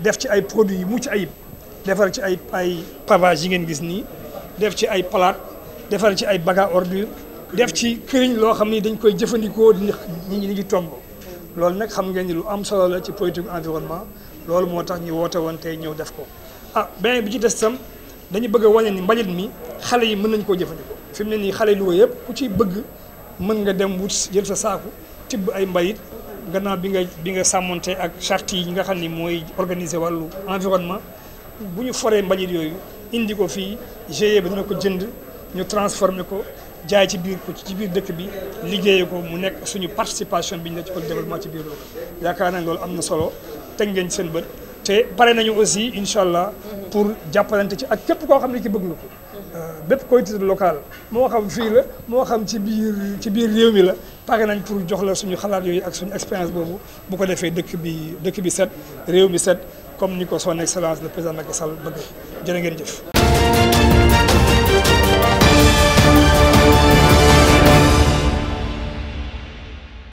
def ci ay produits yu mucc ayib defar ci ay ay pavage yi ngeen gis nii def ci ay palaat defar ci ay baga ordure def ci këriñ loo xam ni dañ koy jëfandikoo di ñi ñi ngi togg loolu nag xam ngeen ni lu am solo la ci politique environnement loolu moo tax ñu woote woon tey ñëw def ko ah beneen bi ci des tam dañu bëgg a wane ni mbalit mi xale yi mën nañ koo jëfandikoo fi mu ne nii xale yi Louga yëpp ku ciy bëgg mën nga dem wut jël sa saaku tibb ay mbayit gannaaw bi nga bi nga sàmmonte ak charte yi nga xam ni mooy organiser wàllu environnement bu ñu foree mbalit yooyu indi ko fii GIE ba dina ko jënd ñu transformer ko jaay ci biir ko ci biir dëkk bi liggéeyee ko mu nekk suñu participation bi ñu la ci ko développement ci biir loolu yaakaar naa loolu am na solo teg ngeen seen bët te pare nañu aussi incha allah pour jàppalante ci ak képp koo xam ne ki bëgg na ko Euh, bépp collectivité locale moo xam fii la moo xam ci biir ci biir réew mi la pare nañ pour jox la suñu xalaat yooyu ak suñu expérience boobu bu ko defee dëkk bi dëkk bi set réew mi set comme ni ko son excellence le président Macky Sall bëgg jërë ngeen jëf.